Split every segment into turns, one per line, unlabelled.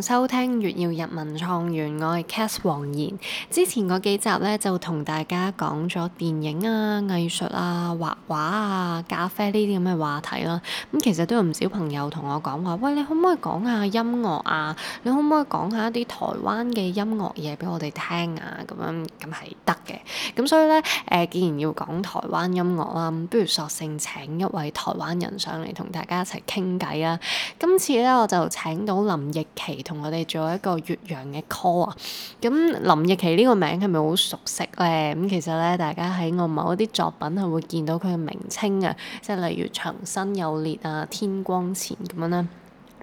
收聽月曜日文創園，我係 Cath 黃妍。之前個幾集咧，就同大家講咗電影啊、藝術啊、畫畫啊、咖啡呢啲咁嘅話題啦。咁其實都有唔少朋友同我講話，喂，你可唔可以講下音樂啊？你可唔可以講下一啲台灣嘅音樂嘢俾我哋聽啊？咁樣咁係得嘅。咁所以咧，誒，既然要講台灣音樂啦，不如索性請一位台灣人上嚟同大家一齊傾偈啊。今次咧我就請到林易祺。同我哋做一個越洋嘅 call 啊！咁林易祺呢個名係咪好熟悉呢？咁其實呢，大家喺我某一啲作品係會見到佢嘅名稱啊，即係例如《牆身有裂》啊，《天光前》咁樣啦。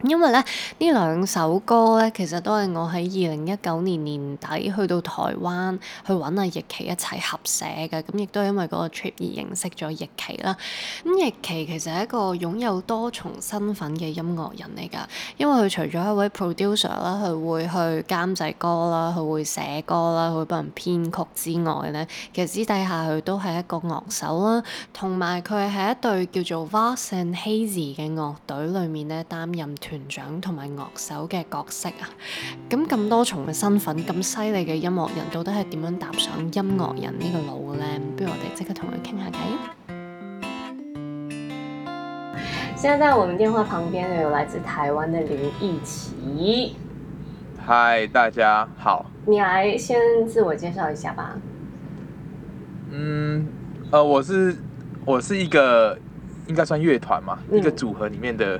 因為咧呢兩首歌咧，其實都係我喺二零一九年年底去到台灣去揾阿易祺一齊合寫嘅，咁亦都係因為嗰個 trip 而認識咗易祺啦。咁易祺其實係一個擁有多重身份嘅音樂人嚟㗎，因為佢除咗一位 producer 啦，佢會去監製歌啦，佢會寫歌啦，佢會幫人編曲之外咧，其實私底下佢都係一個樂手啦，同埋佢喺一對叫做 Vast & Hazy 嘅樂隊裏面咧擔任團長同埋樂手嘅角色啊，咁咁多重嘅身份，咁犀利嘅音樂人，到底係點樣踏上音樂人呢個路呢？不如我哋即刻同佢傾下偈。現在在我們電話旁邊有來自台灣嘅林易祺。
Hi, 大家好。
你來先自我介紹一下吧。
嗯，呃，我是我是一個應該算樂團嘛，嗯，一個組合裏面嘅。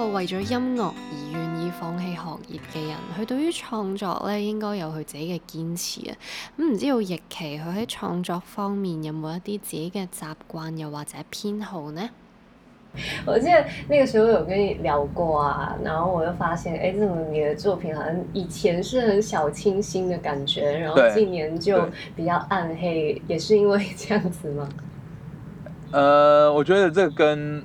個為咗音樂而願意放棄學業嘅人，佢對於創作咧應該有佢自己嘅堅持啊。咁唔知道易奇祺佢喺創作方面有冇一啲自己嘅習慣又或者偏好呢？我記得那個時候有跟你聊過啊，然後我又發現，誒、欸，怎麼你的作品，好像以前是很小清新的感覺，然後近年就比較暗黑，也是因為這樣子嗎？
誒、呃，我覺得這跟。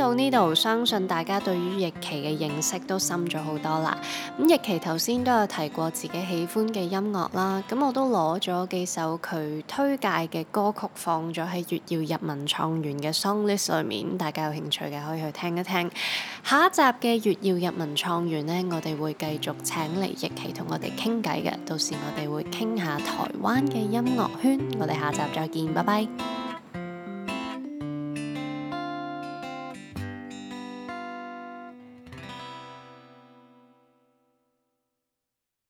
聽到呢度，相信大家對於易祺嘅認識都深咗好多啦。咁易祺頭先都有提過自己喜歡嘅音樂啦，咁我都攞咗幾首佢推介嘅歌曲放咗喺《月曜日文創園》嘅 Song List 裏面，大家有興趣嘅可以去聽一聽。下一集嘅《月曜日文創園》呢，我哋會繼續請嚟易祺同我哋傾偈嘅，到時我哋會傾下台灣嘅音樂圈，我哋下集再見，拜拜。